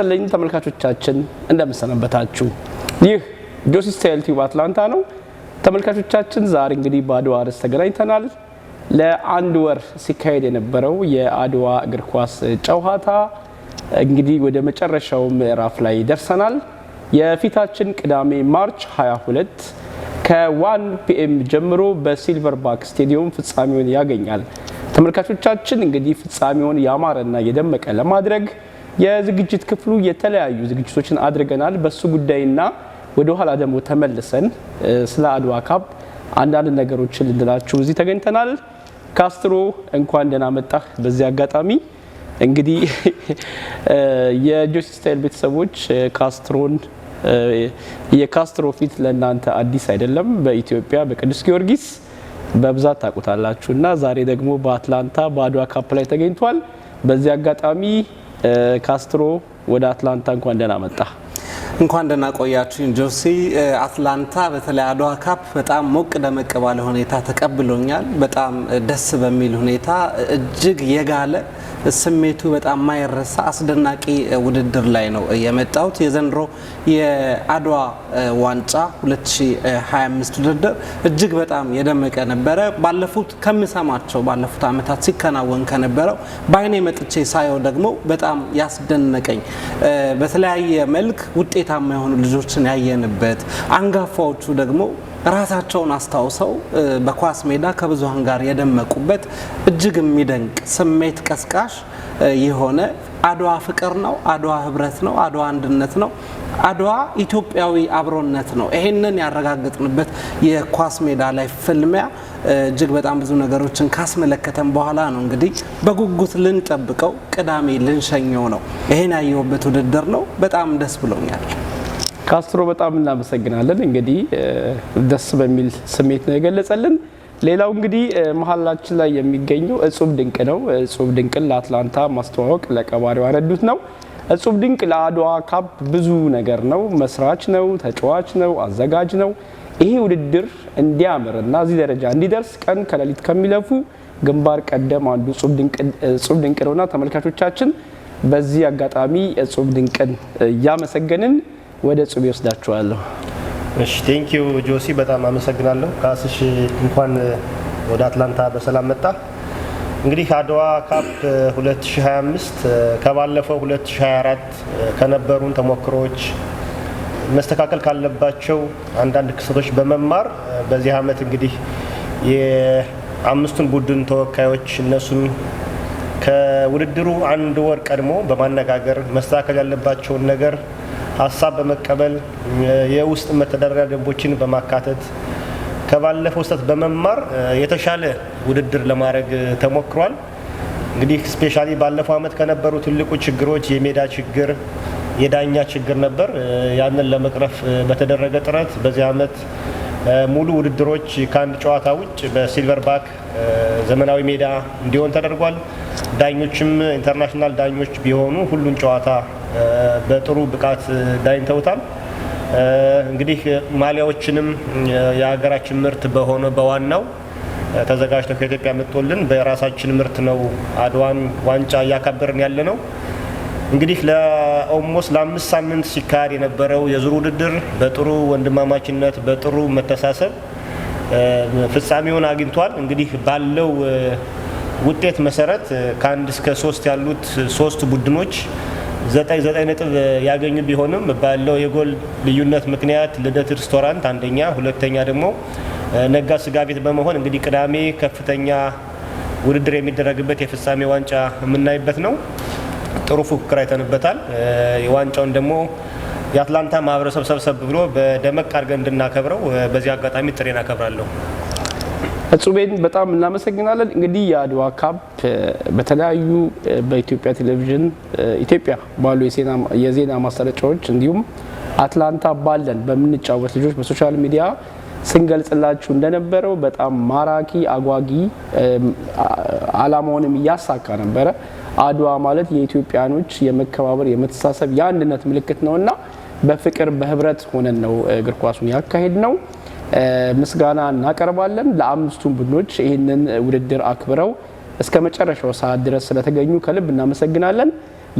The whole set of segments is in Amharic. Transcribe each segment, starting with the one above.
ያስጥልኝ ተመልካቾቻችን እንደምሰነበታችሁ። ይህ ጆሲ ቲዩብ አትላንታ ነው። ተመልካቾቻችን ዛሬ እንግዲህ በአድዋ ርዕስ ተገናኝተናል። ለአንድ ወር ሲካሄድ የነበረው የአድዋ እግር ኳስ ጨዋታ እንግዲህ ወደ መጨረሻው ምዕራፍ ላይ ደርሰናል። የፊታችን ቅዳሜ ማርች 22 ከዋን ፒኤም ጀምሮ በሲልቨር ባክ ስቴዲየም ፍጻሜውን ያገኛል። ተመልካቾቻችን እንግዲህ ፍጻሜውን ያማረና የደመቀ ለማድረግ የዝግጅት ክፍሉ የተለያዩ ዝግጅቶችን አድርገናል። በሱ ጉዳይና ወደ ኋላ ደግሞ ተመልሰን ስለ አድዋ ካፕ አንዳንድ ነገሮችን ልንላችሁ እዚህ ተገኝተናል። ካስትሮ እንኳን ደህና መጣህ። በዚህ አጋጣሚ እንግዲህ የጆሲ ስታይል ቤተሰቦች ካስትሮን የካስትሮ ፊት ለእናንተ አዲስ አይደለም። በኢትዮጵያ በቅዱስ ጊዮርጊስ በብዛት ታውቁታላችሁ እና ዛሬ ደግሞ በአትላንታ በአድዋ ካፕ ላይ ተገኝቷል። በዚህ አጋጣሚ ካስትሮ ወደ አትላንታ እንኳን ደህና መጣ እንኳን ደህና ቆያችሁ ጆሲ። አትላንታ በተለይ አድዋ ካፕ በጣም ሞቅ ደመቅ ባለ ሁኔታ ተቀብሎኛል። በጣም ደስ በሚል ሁኔታ እጅግ የጋለ ስሜቱ በጣም ማይረሳ አስደናቂ ውድድር ላይ ነው የመጣሁት። የዘንድሮ የአድዋ ዋንጫ 2025 ውድድር እጅግ በጣም የደመቀ ነበረ። ባለፉት ከምሰማቸው ባለፉት ዓመታት ሲከናወን ከነበረው በአይኔ መጥቼ ሳየው ደግሞ በጣም ያስደነቀኝ በተለያየ መልክ ውጤ ውጤታማ የሆኑ ልጆችን ያየንበት አንጋፋዎቹ ደግሞ ራሳቸውን አስታውሰው በኳስ ሜዳ ከብዙሃን ጋር የደመቁበት እጅግ የሚደንቅ ስሜት ቀስቃሽ የሆነ አድዋ ፍቅር ነው። አድዋ ህብረት ነው። አድዋ አንድነት ነው። አድዋ ኢትዮጵያዊ አብሮነት ነው። ይሄንን ያረጋገጥንበት የኳስ ሜዳ ላይ ፍልሚያ እጅግ በጣም ብዙ ነገሮችን ካስመለከተን በኋላ ነው እንግዲህ በጉጉት ልንጠብቀው ቅዳሜ ልንሸኘው ነው። ይሄን ያየሁበት ውድድር ነው። በጣም ደስ ብሎኛል። ካስትሮ በጣም እናመሰግናለን። እንግዲህ ደስ በሚል ስሜት ነው የገለጸልን። ሌላው እንግዲህ መሀላችን ላይ የሚገኘው እጹብ ድንቅ ነው። እጹብ ድንቅን ለአትላንታ ማስተዋወቅ ለቀባሪዋ ረዱት ነው። እጹብ ድንቅ ለአድዋ ካፕ ብዙ ነገር ነው። መስራች ነው፣ ተጫዋች ነው፣ አዘጋጅ ነው። ይሄ ውድድር እንዲያምርና እዚህ ደረጃ እንዲደርስ ቀን ከሌሊት ከሚለፉ ግንባር ቀደም አንዱ እጹብ ድንቅ ነውና ተመልካቾቻችን በዚህ አጋጣሚ እጹብ ድንቅን እያመሰገንን ወደ እጹብ ይወስዳችኋለሁ። እሺ ቴንኪዩ ጆሲ፣ በጣም አመሰግናለሁ። ካስሽ እንኳን ወደ አትላንታ በሰላም መጣ። እንግዲህ አድዋ ካፕ 2025 ከባለፈው 2024 ከነበሩን ተሞክሮዎች መስተካከል ካለባቸው አንዳንድ ክስተቶች በመማር በዚህ ዓመት እንግዲህ የአምስቱን ቡድን ተወካዮች እነሱን ከውድድሩ አንድ ወር ቀድሞ በማነጋገር መስተካከል ያለባቸውን ነገር ሀሳብ በመቀበል የውስጥ መተዳደሪያ ደንቦችን በማካተት ከባለፈው ስህተት በመማር የተሻለ ውድድር ለማድረግ ተሞክሯል። እንግዲህ ስፔሻሊ ባለፈው ዓመት ከነበሩ ትልቁ ችግሮች የሜዳ ችግር፣ የዳኛ ችግር ነበር። ያንን ለመቅረፍ በተደረገ ጥረት በዚህ ዓመት ሙሉ ውድድሮች ከአንድ ጨዋታ ውጭ በሲልቨር ባክ ዘመናዊ ሜዳ እንዲሆን ተደርጓል። ዳኞችም ኢንተርናሽናል ዳኞች ቢሆኑ ሁሉን ጨዋታ በጥሩ ብቃት ዳኝተውታል። እንግዲህ ማሊያዎችንም የሀገራችን ምርት በሆነ በዋናው ተዘጋጅተው ከኢትዮጵያ መጥቶልን በራሳችን ምርት ነው አድዋን ዋንጫ እያካበርን ያለ ነው። እንግዲህ ለኦሞስ ለአምስት ሳምንት ሲካሄድ የነበረው የዙር ውድድር በጥሩ ወንድማማችነት በጥሩ መተሳሰብ ፍጻሜውን አግኝቷል። እንግዲህ ባለው ውጤት መሰረት ከአንድ እስከ ሶስት ያሉት ሶስት ቡድኖች ዘጠኝ ዘጠኝ ነጥብ ያገኙ ቢሆንም ባለው የጎል ልዩነት ምክንያት ልደት ሬስቶራንት አንደኛ፣ ሁለተኛ ደግሞ ነጋ ስጋ ቤት በመሆን እንግዲህ ቅዳሜ ከፍተኛ ውድድር የሚደረግበት የፍጻሜ ዋንጫ የምናይበት ነው። ጥሩ ፉክክር አይተንበታል። የዋንጫውን ደግሞ የአትላንታ ማህበረሰብ ሰብሰብ ብሎ በደመቅ አድርገን እንድናከብረው በዚህ አጋጣሚ ጥሬን አከብራለሁ። እጹቤን በጣም እናመሰግናለን። እንግዲህ የአድዋ ካፕ በተለያዩ በኢትዮጵያ ቴሌቪዥን ኢትዮጵያ ባሉ የዜና ማሰረጫዎች እንዲሁም አትላንታ ባለን በምንጫወት ልጆች በሶሻል ሚዲያ ስንገልጽላችሁ እንደነበረው በጣም ማራኪ አጓጊ አላማውንም እያሳካ ነበረ። አድዋ ማለት የኢትዮጵያኖች የመከባበር የመተሳሰብ የአንድነት ምልክት እና በፍቅር በህብረት ሆነን ነው እግር ኳሱን ያካሄድ ነው። ምስጋና እናቀርባለን ለአምስቱም ቡድኖች ይህንን ውድድር አክብረው እስከ መጨረሻው ሰዓት ድረስ ስለተገኙ ከልብ እናመሰግናለን።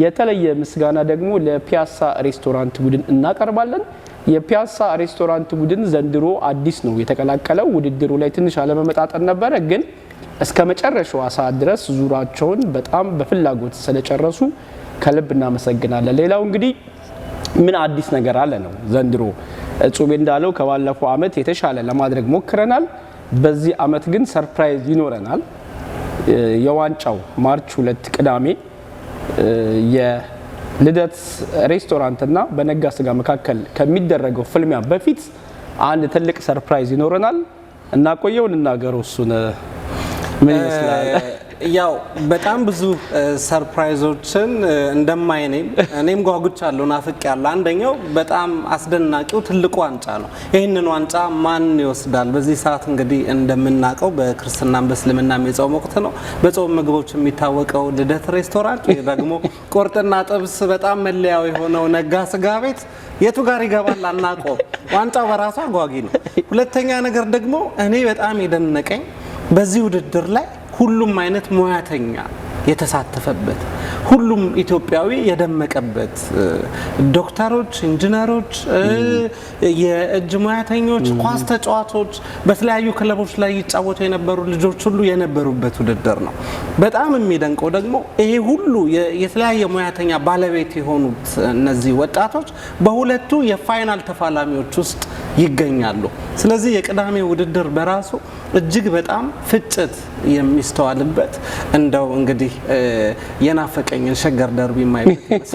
የተለየ ምስጋና ደግሞ ለፒያሳ ሬስቶራንት ቡድን እናቀርባለን። የፒያሳ ሬስቶራንት ቡድን ዘንድሮ አዲስ ነው የተቀላቀለው። ውድድሩ ላይ ትንሽ አለመመጣጠን ነበረ ግን እስከ መጨረሻዋ ሰዓት ድረስ ዙራቸውን በጣም በፍላጎት ስለጨረሱ ከልብ እናመሰግናለን። ሌላው እንግዲህ ምን አዲስ ነገር አለ ነው። ዘንድሮ እጹቤ እንዳለው ከባለፈው አመት የተሻለ ለማድረግ ሞክረናል። በዚህ አመት ግን ሰርፕራይዝ ይኖረናል። የዋንጫው ማርች ሁለት ቅዳሜ የልደት ሬስቶራንትና በነጋ ስጋ መካከል ከሚደረገው ፍልሚያ በፊት አንድ ትልቅ ሰርፕራይዝ ይኖረናል። እናቆየው፣ እንናገረው እሱን ምን ይመስላል? ያው በጣም ብዙ ሰርፕራይዞችን እንደማይ እኔም እኔም ጓጉቻለሁ፣ ናፍቄያለሁ። አንደኛው በጣም አስደናቂው ትልቁ ዋንጫ ነው። ይህንን ዋንጫ ማን ይወስዳል? በዚህ ሰዓት እንግዲህ እንደምናውቀው በክርስትናም በእስልምናም የጾም ወቅት ነው። በጾም ምግቦች የሚታወቀው ልደት ሬስቶራንት፣ ደግሞ ቁርጥና ጥብስ በጣም መለያው የሆነው ነጋ ስጋ ቤት የቱ ጋር ይገባል አናውቀውም። ዋንጫው በራሱ አጓጊ ነው። ሁለተኛ ነገር ደግሞ እኔ በጣም የደነቀኝ በዚህ ውድድር ላይ ሁሉም አይነት ሙያተኛ የተሳተፈበት ሁሉም ኢትዮጵያዊ የደመቀበት ዶክተሮች፣ ኢንጂነሮች፣ የእጅ ሙያተኞች፣ ኳስ ተጫዋቾች፣ በተለያዩ ክለቦች ላይ ይጫወቱ የነበሩ ልጆች ሁሉ የነበሩበት ውድድር ነው። በጣም የሚደንቀው ደግሞ ይሄ ሁሉ የተለያየ ሙያተኛ ባለቤት የሆኑት እነዚህ ወጣቶች በሁለቱ የፋይናል ተፋላሚዎች ውስጥ ይገኛሉ። ስለዚህ የቅዳሜ ውድድር በራሱ እጅግ በጣም ፍጭት የሚስተዋልበት እንደው እንግዲህ የናፈቀኝን ሸገር ደርቢ የማይበት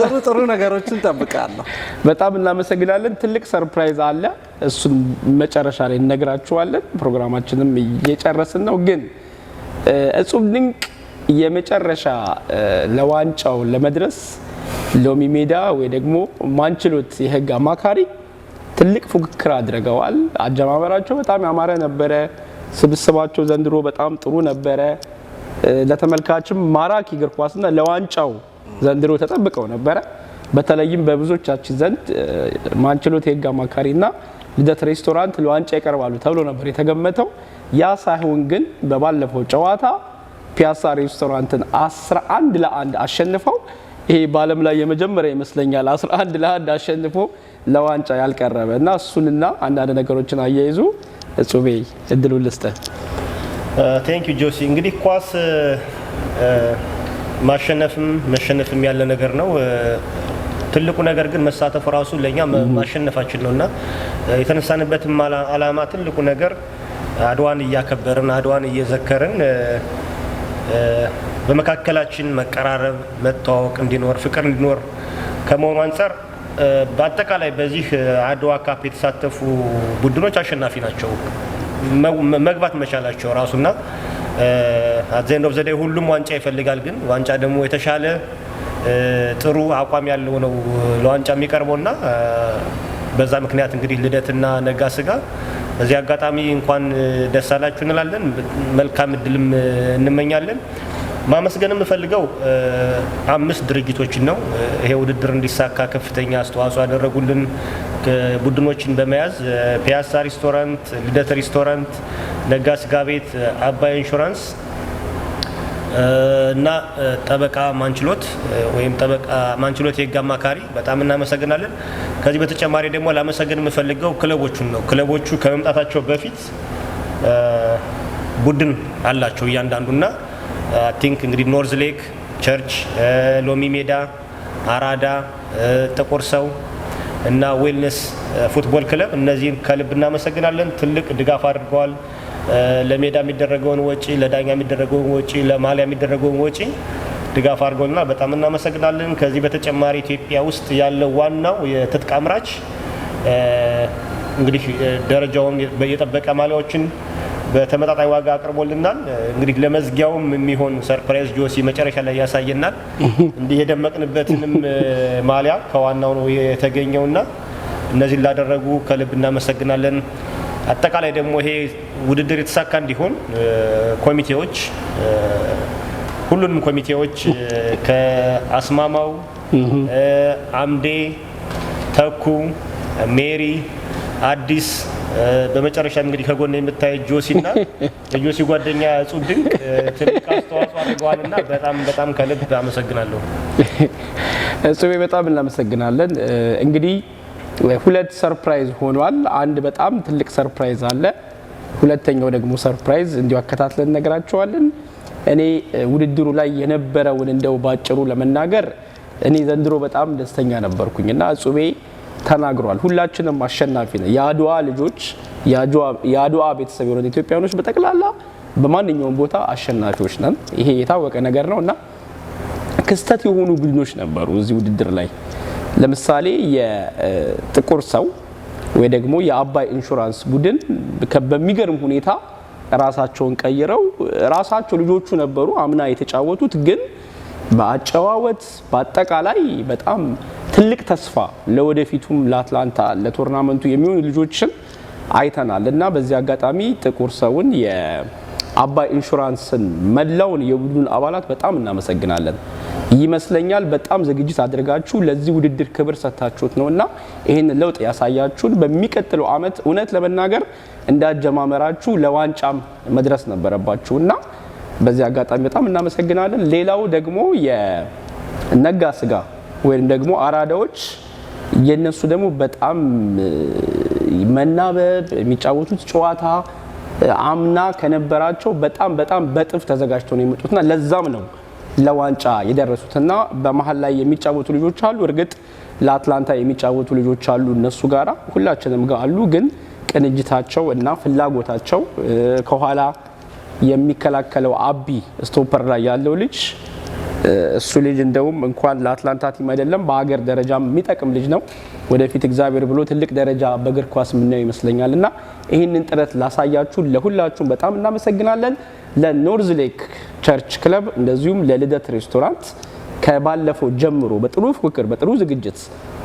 ጥሩ ጥሩ ነገሮችን ጠብቃለሁ። በጣም እናመሰግናለን። ትልቅ ሰርፕራይዝ አለ። እሱን መጨረሻ ላይ እነግራችኋለን። ፕሮግራማችንም እየጨረስን ነው። ግን እጹብ ድንቅ የመጨረሻ ለዋንጫው ለመድረስ ሎሚ ሜዳ ወይ ደግሞ ማንችሎት የህግ አማካሪ ትልቅ ፉክክር አድርገዋል። አጀማመራቸው በጣም ያማረ ነበረ። ስብስባቸው ዘንድሮ በጣም ጥሩ ነበረ። ለተመልካችም ማራኪ እግር ኳስና ለዋንጫው ዘንድሮ ተጠብቀው ነበረ። በተለይም በብዙዎቻችን ዘንድ ማንችሎት የህግ አማካሪና ልደት ሬስቶራንት ለዋንጫ ይቀርባሉ ተብሎ ነበር የተገመተው። ያ ሳይሆን ግን በባለፈው ጨዋታ ፒያሳ ሬስቶራንትን 11 ለአንድ አሸንፈው ይሄ በዓለም ላይ የመጀመሪያ ይመስለኛል 11 ለአንድ አሸንፎ ለዋንጫ ያልቀረበ እና እሱንና አንዳንድ ነገሮችን አያይዙ እጹቤ እድሉ ልስጠ። ቴንክ ዩ ጆሲ። እንግዲህ ኳስ ማሸነፍም መሸነፍም ያለ ነገር ነው። ትልቁ ነገር ግን መሳተፉ ራሱ ለእኛ ማሸነፋችን ነው እና የተነሳንበትም አላማ ትልቁ ነገር አድዋን እያከበርን አድዋን እየዘከርን በመካከላችን መቀራረብ፣ መተዋወቅ እንዲኖር ፍቅር እንዲኖር ከመሆኑ አንጻር በአጠቃላይ በዚህ አድዋ ካፕ የተሳተፉ ቡድኖች አሸናፊ ናቸው መግባት መቻላቸው ራሱና አዘንድ ኦፍ ዘ ሁሉም ዋንጫ ይፈልጋል። ግን ዋንጫ ደግሞ የተሻለ ጥሩ አቋም ያለው ነው ለዋንጫ የሚቀርበውና በዛ ምክንያት እንግዲህ ልደትና ነጋ ስጋ በዚህ አጋጣሚ እንኳን ደስ አላችሁ እንላለን። መልካም እድልም እንመኛለን። ማመስገን የምፈልገው አምስት ድርጅቶችን ነው። ይሄ ውድድር እንዲሳካ ከፍተኛ አስተዋጽኦ ያደረጉልን ቡድኖችን በመያዝ ፒያሳ ሪስቶራንት፣ ልደት ሪስቶራንት፣ ነጋ ስጋ ቤት፣ አባይ ኢንሹራንስ እና ጠበቃ ማንችሎት ወይም ጠበቃ ማንችሎት የህግ አማካሪ በጣም እናመሰግናለን። ከዚህ በተጨማሪ ደግሞ ላመሰግን የምፈልገው ክለቦቹን ነው። ክለቦቹ ከመምጣታቸው በፊት ቡድን አላቸው እያንዳንዱና ቲንክ uh, እንግዲህ ኖርዝ ሌክ፣ ቸርች፣ ሎሚ ሜዳ፣ አራዳ፣ ጥቁር ሰው እና ዌልነስ ፉትቦል ክለብ እነዚህን ከልብ እናመሰግናለን። ትልቅ ድጋፍ አድርገዋል። uh, ለሜዳ የሚደረገውን ወጪ፣ ለዳኛ የሚደረገውን ወጪ፣ ለማሊያ የሚደረገውን ወጪ ድጋፍ አድርገውልና በጣም እናመሰግናለን። ከዚህ በተጨማሪ ኢትዮጵያ ውስጥ ያለው ዋናው የትጥቅ አምራች uh, እንግዲህ ደረጃውን የጠበቀ ማሊያዎችን በተመጣጣኝ ዋጋ አቅርቦልናል። እንግዲህ ለመዝጊያውም የሚሆን ሰርፕራይዝ ጆሲ መጨረሻ ላይ ያሳየናል። እንዲህ የደመቅንበትንም ማሊያ ከዋናው ነው የተገኘውና እነዚህ ላደረጉ ከልብ እናመሰግናለን። አጠቃላይ ደግሞ ይሄ ውድድር የተሳካ እንዲሆን ኮሚቴዎች ሁሉንም ኮሚቴዎች ከአስማማው፣ አምዴ፣ ተኩ፣ ሜሪ፣ አዲስ በመጨረሻም እንግዲህ ከጎን የምታየ ጆሲና ጆሲ ጓደኛ እጹብ ድንቅ ትልቅ አስተዋጽኦ በጣም በጣም ከልብ አመሰግናለሁ። እጹቤ በጣም እናመሰግናለን። እንግዲህ ሁለት ሰርፕራይዝ ሆኗል። አንድ በጣም ትልቅ ሰርፕራይዝ አለ። ሁለተኛው ደግሞ ሰርፕራይዝ እንዲሁ አከታትለን እነግራቸዋለን። እኔ ውድድሩ ላይ የነበረውን እንደው ባጭሩ ለመናገር እኔ ዘንድሮ በጣም ደስተኛ ነበርኩኝ እና እጹቤ ተናግሯል። ሁላችንም አሸናፊ ነን። የአድዋ ልጆች የአድዋ ቤተሰብ የሆነ ኢትዮጵያኖች በጠቅላላ በማንኛውም ቦታ አሸናፊዎች ነን። ይሄ የታወቀ ነገር ነው እና ክስተት የሆኑ ቡድኖች ነበሩ እዚህ ውድድር ላይ ለምሳሌ የጥቁር ሰው ወይ ደግሞ የአባይ ኢንሹራንስ ቡድን በሚገርም ሁኔታ ራሳቸውን ቀይረው ራሳቸው ልጆቹ ነበሩ አምና የተጫወቱት ግን በአጨዋወት በአጠቃላይ በጣም ትልቅ ተስፋ ለወደፊቱም ለአትላንታ ለቶርናመንቱ የሚሆኑ ልጆችን አይተናል እና በዚህ አጋጣሚ ጥቁር ሰውን የአባይ ኢንሹራንስን መላውን የቡድኑን አባላት በጣም እናመሰግናለን። ይመስለኛል በጣም ዝግጅት አድርጋችሁ ለዚህ ውድድር ክብር ሰጥታችሁት ነው እና ይህን ለውጥ ያሳያችሁን በሚቀጥለው አመት እውነት ለመናገር እንዳጀማመራችሁ ለዋንጫም መድረስ ነበረባችሁ እና በዚህ አጋጣሚ በጣም እናመሰግናለን። ሌላው ደግሞ የነጋ ስጋ ወይም ደግሞ አራዳዎች የነሱ ደግሞ በጣም መናበብ የሚጫወቱት ጨዋታ አምና ከነበራቸው በጣም በጣም በጥፍ ተዘጋጅተው ነው የመጡትና ለዛም ነው ለዋንጫ የደረሱትና በመሀል ላይ የሚጫወቱ ልጆች አሉ። እርግጥ ለአትላንታ የሚጫወቱ ልጆች አሉ እነሱ ጋራ ሁላችንም ጋር አሉ። ግን ቅንጅታቸው እና ፍላጎታቸው ከኋላ የሚከላከለው አቢ ስቶፐር ላይ ያለው ልጅ እሱ ልጅ እንደውም እንኳን ለአትላንታ ቲም አይደለም በሀገር ደረጃ የሚጠቅም ልጅ ነው። ወደፊት እግዚአብሔር ብሎ ትልቅ ደረጃ በእግር ኳስ የምናየው ይመስለኛል። እና ይህንን ጥረት ላሳያችሁ ለሁላችሁም በጣም እናመሰግናለን። ለኖርዝ ሌክ ቸርች ክለብ እንደዚሁም ለልደት ሬስቶራንት ከባለፈው ጀምሮ በጥሩ ፉክክር በጥሩ ዝግጅት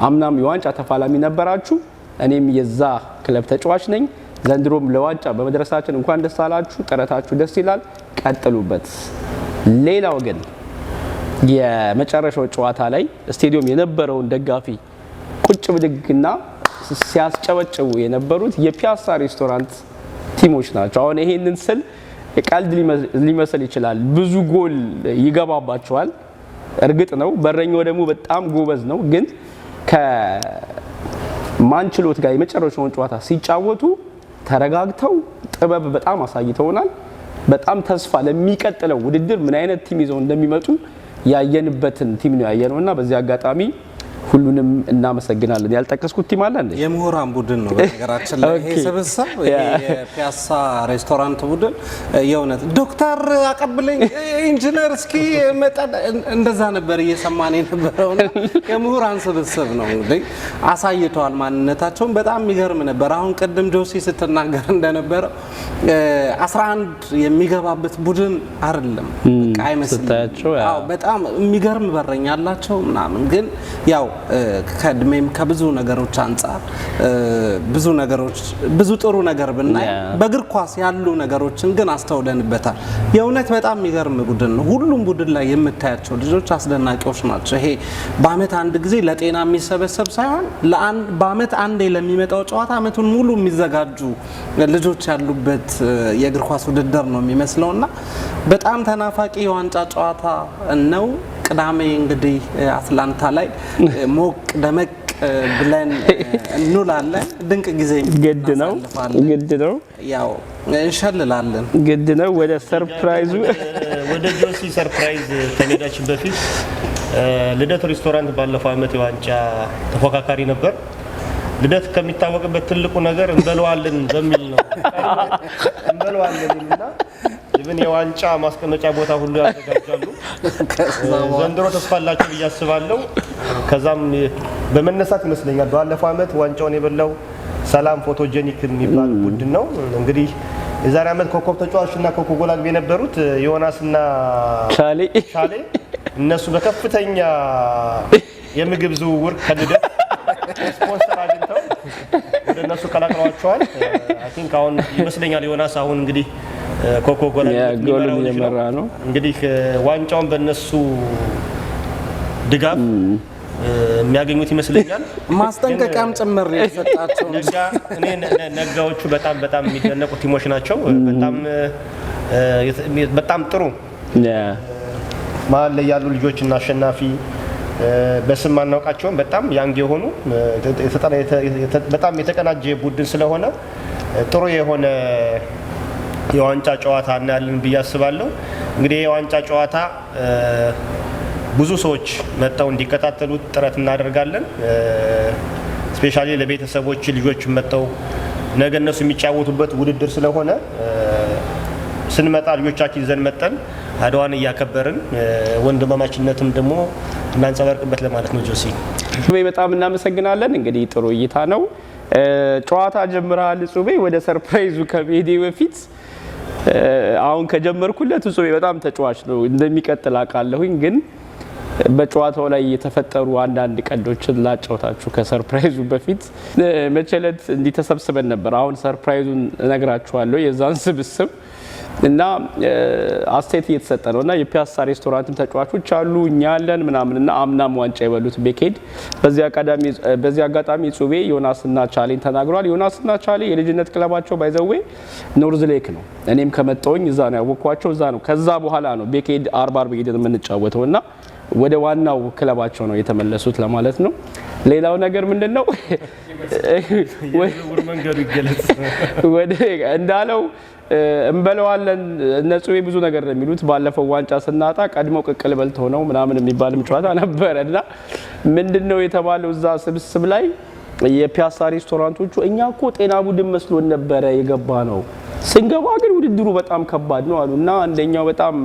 አምናም የዋንጫ ተፋላሚ ነበራችሁ። እኔም የዛ ክለብ ተጫዋች ነኝ። ዘንድሮም ለዋንጫ በመድረሳችን እንኳን ደስ አላችሁ። ጥረታችሁ ደስ ይላል፣ ቀጥሉበት። ሌላው ግን የመጨረሻው ጨዋታ ላይ ስቴዲየም የነበረውን ደጋፊ ቁጭ ብድግና ሲያስጨበጭቡ የነበሩት የፒያሳ ሬስቶራንት ቲሞች ናቸው። አሁን ይሄንን ስል ቀልድ ሊመስል ይችላል። ብዙ ጎል ይገባባቸዋል፣ እርግጥ ነው። በረኛው ደግሞ በጣም ጎበዝ ነው። ግን ከማንችሎት ጋር የመጨረሻውን ጨዋታ ሲጫወቱ ተረጋግተው ጥበብ በጣም አሳይተውናል። በጣም ተስፋ ለሚቀጥለው ውድድር ምን አይነት ቲም ይዘው እንደሚመጡ ያየንበትን ቲም ነው ያየነው እና በዚህ አጋጣሚ ሁሉንም እናመሰግናለን። ያልጠቀስኩት ቲም አለ እንዴ? የምሁራን ቡድን ነው በነገራችን ላይ ይሄ ስብስብ፣ የፒያሳ ሬስቶራንት ቡድን የእውነት ዶክተር አቀብለኝ ኢንጂነር እስኪ መጠን እንደዛ ነበር እየሰማን የነበረው። የምሁራን ስብስብ ነው እንግዲህ አሳይተዋል ማንነታቸውን። በጣም የሚገርም ነበር። አሁን ቅድም ጆሲ ስትናገር እንደነበረው 11 የሚገባበት ቡድን አይደለም፣ አይመስልም። በጣም የሚገርም በረኛ አላቸው ምናምን ግን ያው ከእድሜም ከብዙ ነገሮች አንጻር ብዙ ነገሮች ብዙ ጥሩ ነገር ብናይ በእግር ኳስ ያሉ ነገሮችን ግን አስተውለንበታል። የእውነት በጣም የሚገርም ቡድን ነው። ሁሉም ቡድን ላይ የምታያቸው ልጆች አስደናቂዎች ናቸው። ይሄ በአመት አንድ ጊዜ ለጤና የሚሰበሰብ ሳይሆን በአመት አንዴ ለሚመጣው ጨዋታ አመቱን ሙሉ የሚዘጋጁ ልጆች ያሉበት የእግር ኳስ ውድድር ነው የሚመስለው እና በጣም ተናፋቂ የዋንጫ ጨዋታ ነው። ቅዳሜ እንግዲህ አትላንታ ላይ ሞቅ ደመቅ ብለን እንውላለን። ድንቅ ጊዜ ግድ ነው ግድ ነው ያው እንሸልላለን ግድ ነው። ወደ ሰርፕራይዙ ወደ ጆሲ ሰርፕራይዝ ከመሄዳችን በፊት ልደት ሬስቶራንት ባለፈው ዓመት የዋንጫ ተፎካካሪ ነበር። ልደት ከሚታወቅበት ትልቁ ነገር እንበለዋለን በሚል ነው እንበለዋለን እና ኢቭን የዋንጫ ማስቀመጫ ቦታ ሁሉ ያዘጋጃሉ። ዘንድሮ ተስፋላችሁ ብዬ አስባለሁ። ከዛም በመነሳት ይመስለኛል ባለፈው አመት ዋንጫውን የበላው ሰላም ፎቶጀኒክ የሚባል ቡድን ነው እንግዲህ የዛሬ አመት ኮከብ ተጫዋች እና ኮከብ ጎል አግቢ የነበሩት ዮናስ እና ሻሌ እነሱ በከፍተኛ የምግብ ዝውውር ከልደት ስፖንሰር አግኝተው ወደ እነሱ ቀላቅለዋቸዋል። አይ ቲንክ አሁን ይመስለኛል ዮናስ አሁን እንግዲህ ኮኮ ጎረቤት እየመራ ነው። እንግዲህ ዋንጫውን በእነሱ ድጋፍ የሚያገኙት ይመስለኛል። ማስጠንቀቂያም ጭምር የተሰጣቸው እኔ ነጋዎቹ በጣም በጣም የሚደነቁ ቲሞች ናቸው። በጣም ጥሩ መሀል ላይ ያሉ ልጆች እና አሸናፊ በስም አናውቃቸውም። በጣም ያንግ የሆኑ በጣም የተቀናጀ ቡድን ስለሆነ ጥሩ የሆነ የዋንጫ ጨዋታ እናያለን ብዬ አስባለሁ። እንግዲህ የዋንጫ ጨዋታ ብዙ ሰዎች መጥተው እንዲከታተሉት ጥረት እናደርጋለን። ስፔሻሊ ለቤተሰቦች ልጆች መጥተው ነገ እነሱ የሚጫወቱበት ውድድር ስለሆነ ስንመጣ ልጆቻችን ይዘን መጠን አድዋን እያከበርን ወንድማማችነትም ደግሞ እናንጸባርቅበት ለማለት ነው። ጆሲ ጩቤ በጣም እናመሰግናለን። እንግዲህ ጥሩ እይታ ነው። ጨዋታ ጀምረሃል ጩቤ። ወደ ሰርፕራይዙ ከመሄዴ በፊት አሁን ከጀመርኩለት እጹቤ በጣም ተጫዋች ነው እንደሚቀጥል አውቃለሁኝ። ግን በጨዋታው ላይ የተፈጠሩ አንዳንድ ቀልዶችን ላጫውታችሁ ከሰርፕራይዙ በፊት። መቼ ዕለት እንዲህ ተሰብስበን ነበር። አሁን ሰርፕራይዙን እነግራችኋለሁ የዛን ስብስብ እና አስተያየት እየተሰጠ ነው እና የፒያሳ ሬስቶራንትም ተጫዋቾች አሉ እኛ ያለን ምናምን እና አምናም ዋንጫ የበሉት ቤኬድ። በዚህ አጋጣሚ ጹቤ ዮናስና ቻሌን ተናግሯል ዮናስና ቻሌ የልጅነት ክለባቸው ባይዘዌ ኖርዝ ሌክ ነው። እኔም ከመጣውኝ እዛ ነው ያወቅኳቸው፣ እዛ ነው። ከዛ በኋላ ነው ቤኬድ አርባ አርብ ሄደን የምንጫወተው እና ወደ ዋናው ክለባቸው ነው የተመለሱት ለማለት ነው። ሌላው ነገር ምንድን ነው እንዳለው እንበለዋለን እነጹቤ ብዙ ነገር ነው የሚሉት። ባለፈው ዋንጫ ስናጣ ቀድሞ ቅቅል በልተው ነው ምናምን የሚባልም ጨዋታ ነበረ እና ምንድን ነው የተባለው እዛ ስብስብ ላይ የፒያሳ ሬስቶራንቶቹ እኛ እኮ ጤና ቡድን መስሎን ነበረ የገባ ነው ስንገባ ግን ውድድሩ በጣም ከባድ ነው አሉ እና አንደኛው በጣም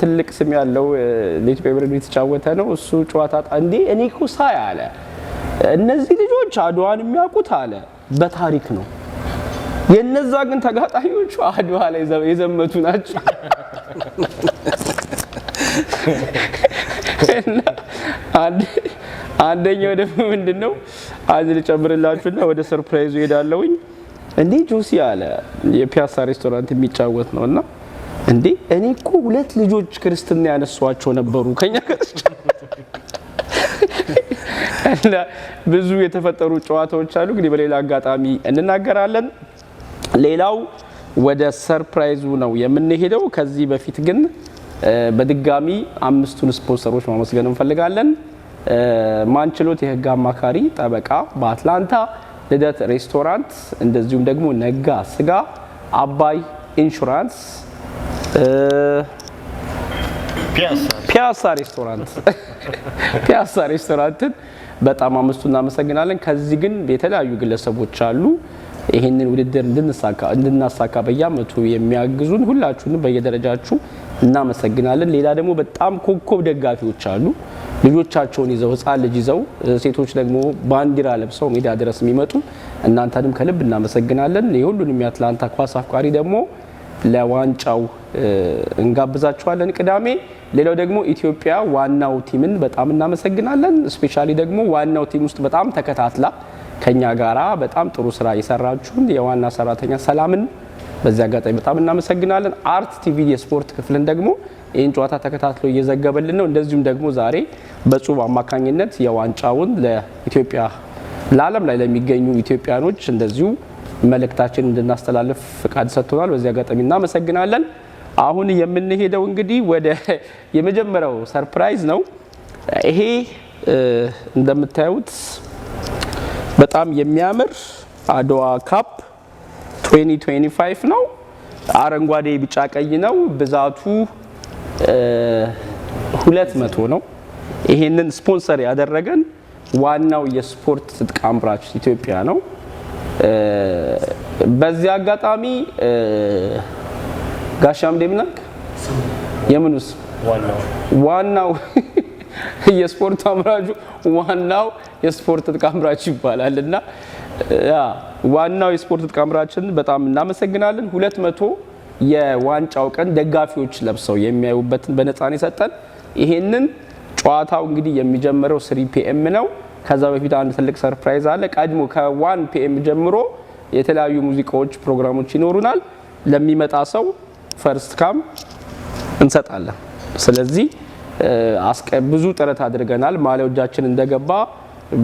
ትልቅ ስም ያለው ለኢትዮጵያ ብር የተጫወተ ነው እሱ ጨዋታ እንዴ እኔ እኮ ሳይ አለ እነዚህ ልጆች አድዋን የሚያውቁት አለ በታሪክ ነው የነዛ ግን ተጋጣሚዎቹ አድዋ ላይ የዘመቱ ናቸው። አንደኛው ደግሞ ምንድን ነው አንድ ልጨምርላችሁና ወደ ሰርፕራይዙ ሄዳለውኝ። እንዴ ጆሲ አለ የፒያሳ ሬስቶራንት የሚጫወት ነው እና እንዴ እኔ እኮ ሁለት ልጆች ክርስትና ያነሷቸው ነበሩ ከኛ ብዙ የተፈጠሩ ጨዋታዎች አሉ። እንግዲህ በሌላ አጋጣሚ እንናገራለን። ሌላው ወደ ሰርፕራይዙ ነው የምንሄደው። ከዚህ በፊት ግን በድጋሚ አምስቱን ስፖንሰሮች ማመስገን እንፈልጋለን። ማንችሎት የህግ አማካሪ ጠበቃ በአትላንታ፣ ልደት ሬስቶራንት፣ እንደዚሁም ደግሞ ነጋ ስጋ፣ አባይ ኢንሹራንስ፣ ፒያሳ ሬስቶራንት ፒያሳ ሬስቶራንትን በጣም አምስቱ እናመሰግናለን። ከዚህ ግን የተለያዩ ግለሰቦች አሉ ይህንን ውድድር እንድናሳካ በየአመቱ የሚያግዙን ሁላችሁንም በየደረጃችሁ እናመሰግናለን። ሌላ ደግሞ በጣም ኮከብ ደጋፊዎች አሉ። ልጆቻቸውን ይዘው ህፃን ልጅ ይዘው ሴቶች ደግሞ ባንዲራ ለብሰው ሜዳ ድረስ የሚመጡ እናንተንም ከልብ እናመሰግናለን። የሁሉንም የአትላንታ ኳስ አፍቃሪ ደግሞ ለዋንጫው እንጋብዛችኋለን ቅዳሜ። ሌላው ደግሞ ኢትዮጵያ ዋናው ቲምን በጣም እናመሰግናለን። ስፔሻሊ ደግሞ ዋናው ቲም ውስጥ በጣም ተከታትላ ከኛ ጋራ በጣም ጥሩ ስራ የሰራችሁን የዋና ሰራተኛ ሰላምን በዚህ አጋጣሚ በጣም እናመሰግናለን። አርት ቲቪ የስፖርት ክፍልን ደግሞ ይህን ጨዋታ ተከታትሎ እየዘገበልን ነው። እንደዚሁም ደግሞ ዛሬ በጽሁፍ አማካኝነት የዋንጫውን ለኢትዮጵያ ለዓለም ላይ ለሚገኙ ኢትዮጵያኖች እንደዚሁ መልእክታችን እንድናስተላልፍ ፍቃድ ሰጥቶናል። በዚህ አጋጣሚ እናመሰግናለን። አሁን የምንሄደው እንግዲህ ወደ የመጀመሪያው ሰርፕራይዝ ነው። ይሄ እንደምታዩት በጣም የሚያምር አድዋ ካፕ 2025 ነው። አረንጓዴ ቢጫ ቀይ ነው። ብዛቱ 200 ነው። ይሄንን ስፖንሰር ያደረገን ዋናው የስፖርት ትጥቅ አምራች ኢትዮጵያ ነው። በዚህ አጋጣሚ ጋሻም ደምናክ የምኑስ ዋናው የስፖርት አምራቹ ዋናው የስፖርት እጥቅ አምራች ይባላል እና ዋናው የስፖርት እጥቅ አምራችን በጣም እናመሰግናለን። ሁለት መቶ የዋንጫው ቀን ደጋፊዎች ለብሰው የሚያዩበትን በነፃን የሰጠን ይሄንን ጨዋታው እንግዲህ የሚጀምረው ስሪ ፒኤም ነው። ከዛ በፊት አንድ ትልቅ ሰርፕራይዝ አለ። ቀድሞ ከዋን ፒኤም ጀምሮ የተለያዩ ሙዚቃዎች፣ ፕሮግራሞች ይኖሩናል። ለሚመጣ ሰው ፈርስት ካም እንሰጣለን። ስለዚህ ብዙ ጥረት አድርገናል። ማሊያው እጃችን እንደገባ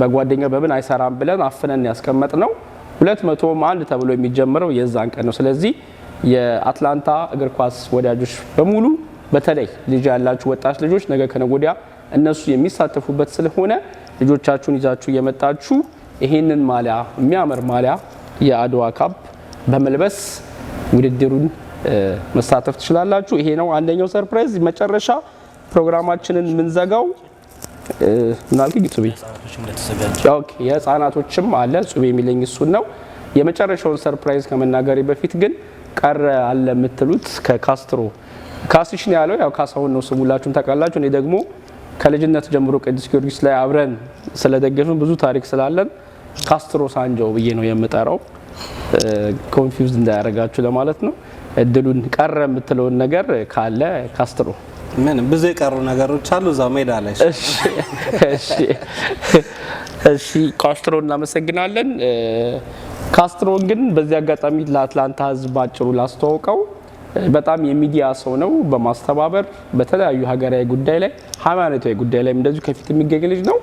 በጓደኛ በምን አይሰራም ብለን አፍነን ያስቀመጥ ነው። ሁለት መቶም አንድ ተብሎ የሚጀምረው የዛን ቀን ነው። ስለዚህ የአትላንታ እግር ኳስ ወዳጆች በሙሉ በተለይ ልጅ ያላችሁ ወጣት ልጆች ነገ ከነገ ወዲያ እነሱ የሚሳተፉበት ስለሆነ ልጆቻችሁን ይዛችሁ እየመጣችሁ ይሄንን ማሊያ የሚያምር ማሊያ የአድዋ ካፕ በመልበስ ውድድሩን መሳተፍ ትችላላችሁ። ይሄ ነው አንደኛው ሰርፕራይዝ። መጨረሻ ፕሮግራማችንን የምንዘጋው ምናልክ ኦኬ፣ የህፃናቶችም አለ ጽቤ የሚለኝ እሱን ነው። የመጨረሻውን ሰርፕራይዝ ከመናገሬ በፊት ግን ቀረ አለ የምትሉት ከካስትሮ ካስሽን ያለው። ያው ካሳሁን ነው ስሙ፣ ሁላችሁም ታውቃላችሁ። እኔ ደግሞ ከልጅነት ጀምሮ ቅዱስ ጊዮርጊስ ላይ አብረን ስለደገፍን ብዙ ታሪክ ስላለን ካስትሮ ሳንጆ ብዬ ነው የምጠራው። ኮንፊውዝ እንዳያደርጋችሁ ለማለት ነው። እድሉን ቀረ የምትለውን ነገር ካለ ካስትሮ ምን ብዙ የቀሩ ነገሮች አሉ እዛው ሜዳ ላይ። እሺ እሺ እሺ፣ ካስትሮ እናመሰግናለን። ካስትሮ ግን በዚህ አጋጣሚ ለአትላንታ ህዝብ ባጭሩ ላስተዋውቀው በጣም የሚዲያ ሰው ነው። በማስተባበር በተለያዩ ሀገራዊ ጉዳይ ላይ፣ ሃይማኖታዊ ጉዳይ ላይ እንደዚሁ ከፊት የሚገኝ ልጅ ነው።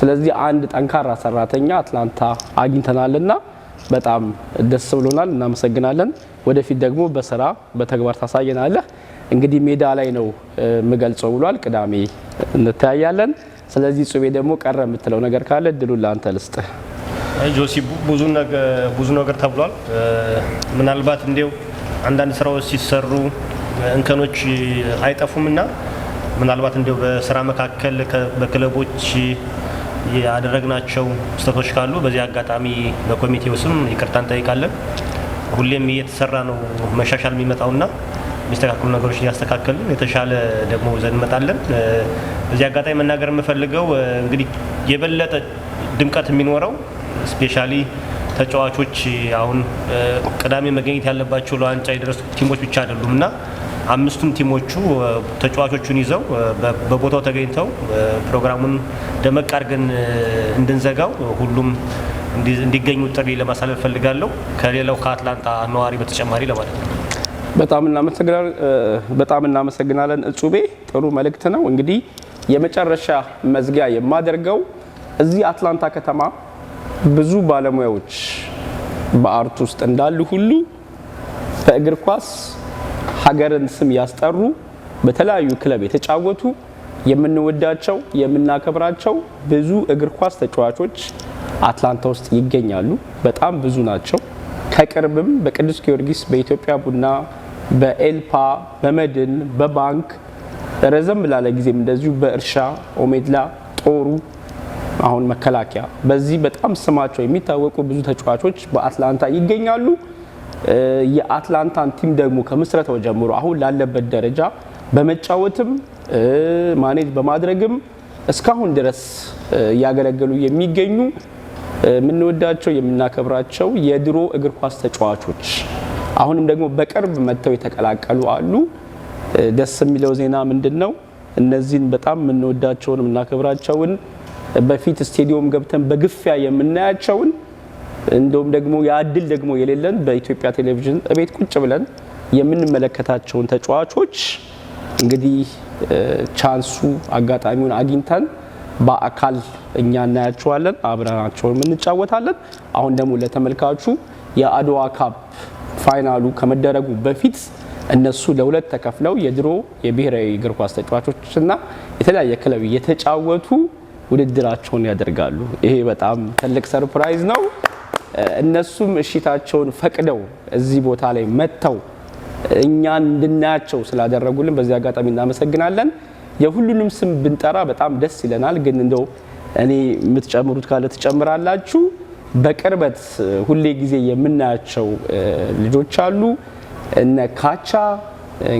ስለዚህ አንድ ጠንካራ ሰራተኛ አትላንታ አግኝተናልና በጣም ደስ ብሎናል። እናመሰግናለን። ወደፊት ደግሞ በስራ በተግባር ታሳየናለህ። እንግዲህ ሜዳ ላይ ነው የምገልጸው ብሏል። ቅዳሜ እንተያያለን። ስለዚህ ጽቤ ደግሞ ቀረ የምትለው ነገር ካለ እድሉን ለአንተ ልስጥ። ጆሲ ብዙ ነገር ተብሏል። ምናልባት እንዲው አንዳንድ ስራዎች ሲሰሩ እንከኖች አይጠፉም እና ምናልባት እንዲው በስራ መካከል በክለቦች ያደረግናቸው ስህተቶች ካሉ በዚህ አጋጣሚ በኮሚቴው ስም ይቅርታ እንጠይቃለን። ሁሌም እየተሰራ ነው መሻሻል የሚመጣውና የሚስተካከሉ ነገሮች እያስተካከልን የተሻለ ደግሞ ይዘን እንመጣለን። በዚህ አጋጣሚ መናገር የምፈልገው እንግዲህ የበለጠ ድምቀት የሚኖረው ስፔሻሊ ተጫዋቾች አሁን ቅዳሜ መገኘት ያለባቸው ለዋንጫ የደረሱ ቲሞች ብቻ አይደሉም እና አምስቱም ቲሞቹ ተጫዋቾቹን ይዘው በቦታው ተገኝተው ፕሮግራሙን ደመቅ አድርገን እንድንዘጋው ሁሉም እንዲገኙ ጥሪ ለማሳለፍ ፈልጋለሁ። ከሌላው ከአትላንታ ነዋሪ በተጨማሪ ለማለት ነው። በጣም እናመሰግናለን እጹቤ፣ ጥሩ መልእክት ነው። እንግዲህ የመጨረሻ መዝጊያ የማደርገው እዚህ አትላንታ ከተማ ብዙ ባለሙያዎች በአርት ውስጥ እንዳሉ ሁሉ በእግር ኳስ ሀገርን ስም ያስጠሩ በተለያዩ ክለብ የተጫወቱ የምንወዳቸው የምናከብራቸው ብዙ እግር ኳስ ተጫዋቾች አትላንታ ውስጥ ይገኛሉ። በጣም ብዙ ናቸው። ከቅርብም በቅዱስ ጊዮርጊስ በኢትዮጵያ ቡና በኤልፓ በመድን በባንክ ረዘም ላለ ጊዜም እንደዚሁ በእርሻ ኦሜድላ ጦሩ አሁን መከላከያ በዚህ በጣም ስማቸው የሚታወቁ ብዙ ተጫዋቾች በአትላንታ ይገኛሉ። የአትላንታን ቲም ደግሞ ከምስረታው ጀምሮ አሁን ላለበት ደረጃ በመጫወትም ማኔጅ በማድረግም እስካሁን ድረስ እያገለገሉ የሚገኙ የምንወዳቸው የምናከብራቸው የድሮ እግር ኳስ ተጫዋቾች አሁንም ደግሞ በቅርብ መጥተው የተቀላቀሉ አሉ። ደስ የሚለው ዜና ምንድን ነው? እነዚህን በጣም የምንወዳቸውን የምናከብራቸውን በፊት ስቴዲየም ገብተን በግፊያ የምናያቸውን እንዲሁም ደግሞ የአድል ደግሞ የሌለን በኢትዮጵያ ቴሌቪዥን እቤት ቁጭ ብለን የምንመለከታቸውን ተጫዋቾች እንግዲህ ቻንሱ አጋጣሚውን አግኝተን በአካል እኛ እናያቸዋለን፣ አብረናቸውን እንጫወታለን። አሁን ደግሞ ለተመልካቹ የአድዋ ካፕ ፋይናሉ ከመደረጉ በፊት እነሱ ለሁለት ተከፍለው የድሮ የብሔራዊ እግር ኳስ ተጫዋቾችና የተለያየ ክለብ እየተጫወቱ ውድድራቸውን ያደርጋሉ። ይሄ በጣም ትልቅ ሰርፕራይዝ ነው። እነሱም እሽታቸውን ፈቅደው እዚህ ቦታ ላይ መጥተው እኛን እንድናያቸው ስላደረጉልን በዚህ አጋጣሚ እናመሰግናለን። የሁሉንም ስም ብንጠራ በጣም ደስ ይለናል፣ ግን እንደው እኔ የምትጨምሩት ካለ ትጨምራላችሁ። በቅርበት ሁሌ ጊዜ የምናያቸው ልጆች አሉ። እነ ካቻ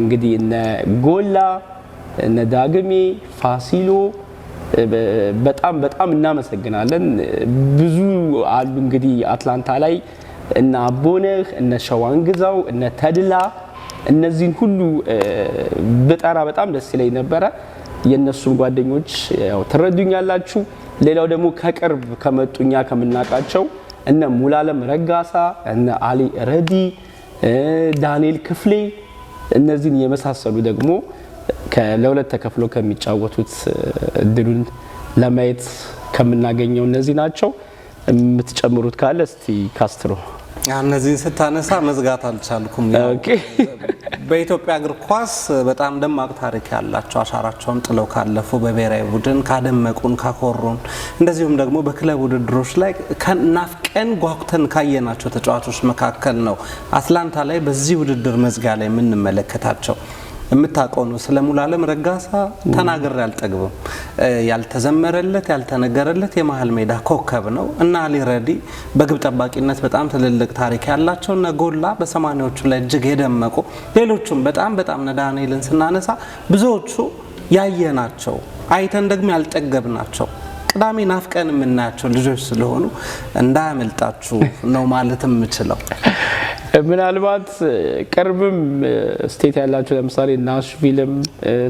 እንግዲህ እነ ጎላ እነ ዳግሜ ፋሲሎ በጣም በጣም እናመሰግናለን። ብዙ አሉ እንግዲህ አትላንታ ላይ እነ አቦነህ እነ ሸዋንግዛው እነ ተድላ እነዚህን ሁሉ ብጠራ በጣም ደስ ይለኝ ነበረ። የእነሱም ጓደኞች ያው ትረዱኛላችሁ። ሌላው ደግሞ ከቅርብ ከመጡኛ ከምናውቃቸው እነ ሙላለም ረጋሳ፣ እነ አሊ ረዲ፣ ዳንኤል ክፍሌ እነዚህን የመሳሰሉ ደግሞ ለሁለት ተከፍሎ ከሚጫወቱት እድሉን ለማየት ከምናገኘው እነዚህ ናቸው። የምትጨምሩት ካለ እስቲ ካስትሮ እነዚህን ስታነሳ መዝጋት አልቻልኩም። በኢትዮጵያ እግር ኳስ በጣም ደማቅ ታሪክ ያላቸው አሻራቸውን ጥለው ካለፉ በብሔራዊ ቡድን ካደመቁን፣ ካኮሩን እንደዚሁም ደግሞ በክለብ ውድድሮች ላይ ናፍቀን ጓጉተን ካየናቸው ተጫዋቾች መካከል ነው አትላንታ ላይ በዚህ ውድድር መዝጊያ ላይ የምንመለከታቸው። የምታውቀው ነው። ስለ ሙሉዓለም ረጋሳ ተናግሬ አልጠግብም። ያልተዘመረለት ያልተነገረለት የመሀል ሜዳ ኮከብ ነው እና አሊ ረዲ በግብ ጠባቂነት በጣም ትልልቅ ታሪክ ያላቸው እነ ጎላ በሰማኒያዎቹ ላይ እጅግ የደመቁ ሌሎቹም በጣም በጣም እነ ዳንኤልን ስናነሳ ብዙዎቹ ያየናቸው አይተን ደግሞ ያልጠገብ ናቸው። ቅዳሜ ናፍቀን የምናያቸው ልጆች ስለሆኑ እንዳያመልጣችሁ ነው ማለት የምችለው። ምናልባት ቅርብም ስቴት ያላችሁ ለምሳሌ ናሽቪልም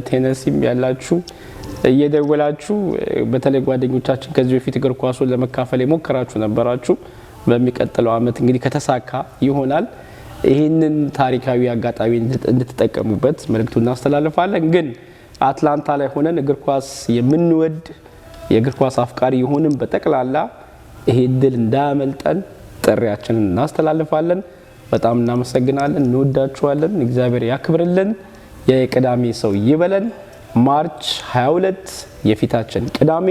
ቴነሲም ያላችሁ እየደወላችሁ በተለይ ጓደኞቻችን ከዚህ በፊት እግር ኳሱን ለመካፈል የሞከራችሁ ነበራችሁ። በሚቀጥለው አመት እንግዲህ ከተሳካ ይሆናል ይህንን ታሪካዊ አጋጣሚ እንድትጠቀሙበት መልእክቱ እናስተላልፋለን። ግን አትላንታ ላይ ሆነን እግር ኳስ የምንወድ የእግር ኳስ አፍቃሪ ይሁንም በጠቅላላ ይሄ እድል እንዳያመልጠን ጥሪያችንን እናስተላልፋለን። በጣም እናመሰግናለን። እንወዳችኋለን። እግዚአብሔር ያክብርልን። የቅዳሜ ሰው ይበለን። ማርች 22 የፊታችን ቅዳሜ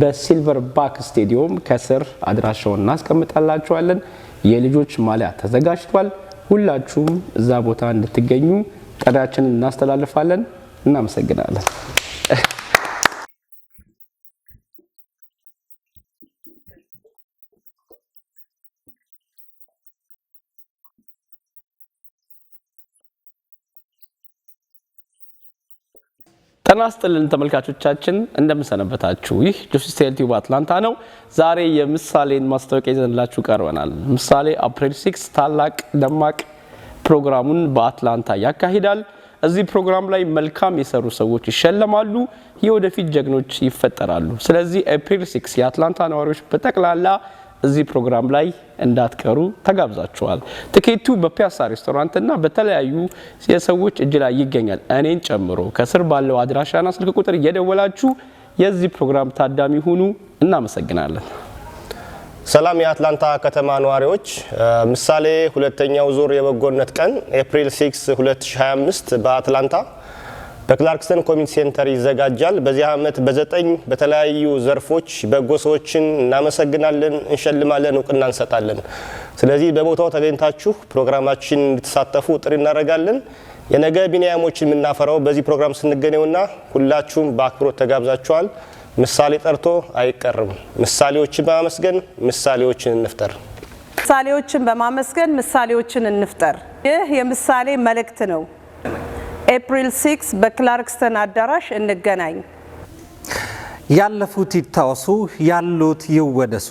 በሲልቨር ባክ ስቴዲየም ከስር አድራሻውን እናስቀምጣላችኋለን። የልጆች ማሊያ ተዘጋጅቷል። ሁላችሁም እዛ ቦታ እንድትገኙ ጥሪያችንን እናስተላልፋለን። እናመሰግናለን። ጤና ይስጥልን ተመልካቾቻችን፣ እንደምንሰነበታችሁ። ይህ ጆሲስቴል ቲዩብ አትላንታ ነው። ዛሬ የምሳሌን ማስታወቂያ ይዘንላችሁ ቀርበናል። ምሳሌ አፕሪል 6 ታላቅ ደማቅ ፕሮግራሙን በአትላንታ ያካሂዳል። እዚህ ፕሮግራም ላይ መልካም የሰሩ ሰዎች ይሸለማሉ፣ የወደፊት ጀግኖች ይፈጠራሉ። ስለዚህ ኤፕሪል 6 የአትላንታ ነዋሪዎች በጠቅላላ እዚህ ፕሮግራም ላይ እንዳትቀሩ ተጋብዛችኋል። ትኬቱ በፒያሳ ሬስቶራንት እና በተለያዩ የሰዎች እጅ ላይ ይገኛል። እኔን ጨምሮ ከስር ባለው አድራሻና ስልክ ቁጥር እየደወላችሁ የዚህ ፕሮግራም ታዳሚ ሁኑ። እናመሰግናለን። ሰላም የአትላንታ ከተማ ነዋሪዎች፣ ምሳሌ ሁለተኛው ዙር የበጎነት ቀን ኤፕሪል 6 2025 በአትላንታ በክላርክስተን ኮሚኒቲ ሴንተር ይዘጋጃል። በዚህ ዓመት በዘጠኝ በተለያዩ ዘርፎች በጎ ሰዎችን እናመሰግናለን፣ እንሸልማለን፣ እውቅና እንሰጣለን። ስለዚህ በቦታው ተገኝታችሁ ፕሮግራማችን እንድትሳተፉ ጥሪ እናደርጋለን። የነገ ቢኒያሞችን የምናፈራው በዚህ ፕሮግራም ስንገኘውና ሁላችሁም በአክብሮት ተጋብዛችኋል። ምሳሌ ጠርቶ አይቀርም። ምሳሌዎችን በማመስገን ምሳሌዎችን እንፍጠር። ምሳሌዎችን በማመስገን ምሳሌዎችን እንፍጠር። ይህ የምሳሌ መልእክት ነው። ኤፕሪል 6 በክላርክስተን አዳራሽ እንገናኝ። ያለፉት ይታወሱ፣ ያሉት ይወደሱ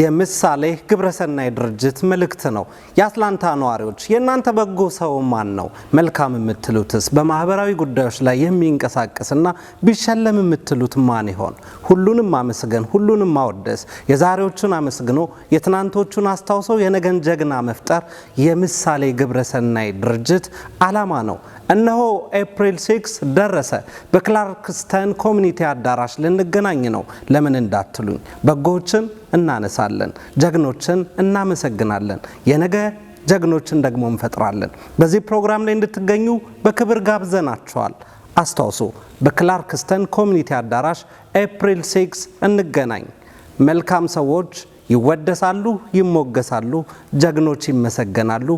የምሳሌ ግብረሰናይ ድርጅት መልእክት ነው። የአትላንታ ነዋሪዎች የእናንተ በጎ ሰው ማን ነው? መልካም የምትሉትስ በማህበራዊ ጉዳዮች ላይ የሚንቀሳቀስና ቢሸለም የምትሉት ማን ይሆን? ሁሉንም አመስገን፣ ሁሉንም ማወደስ፣ የዛሬዎቹን አመስግኖ የትናንቶቹን አስታውሶ የነገን ጀግና መፍጠር የምሳሌ ግብረሰናይ ድርጅት አላማ ነው። እነሆ ኤፕሪል 6 ደረሰ። በክላርክስተን ኮሚኒቲ አዳራሽ ልንገናኝ ነው። ለምን እንዳትሉኝ፣ በጎችን እናነሳለን፣ ጀግኖችን እናመሰግናለን፣ የነገ ጀግኖችን ደግሞ እንፈጥራለን። በዚህ ፕሮግራም ላይ እንድትገኙ በክብር ጋብዘናችኋል። አስታውሱ፣ በክላርክስተን ኮሚኒቲ አዳራሽ ኤፕሪል 6 እንገናኝ። መልካም ሰዎች ይወደሳሉ፣ ይሞገሳሉ፣ ጀግኖች ይመሰገናሉ።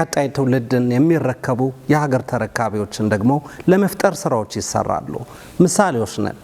ቀጣይ ትውልድን የሚረከቡ የሀገር ተረካቢዎችን ደግሞ ለመፍጠር ስራዎች ይሰራሉ። ምሳሌዎች ነን።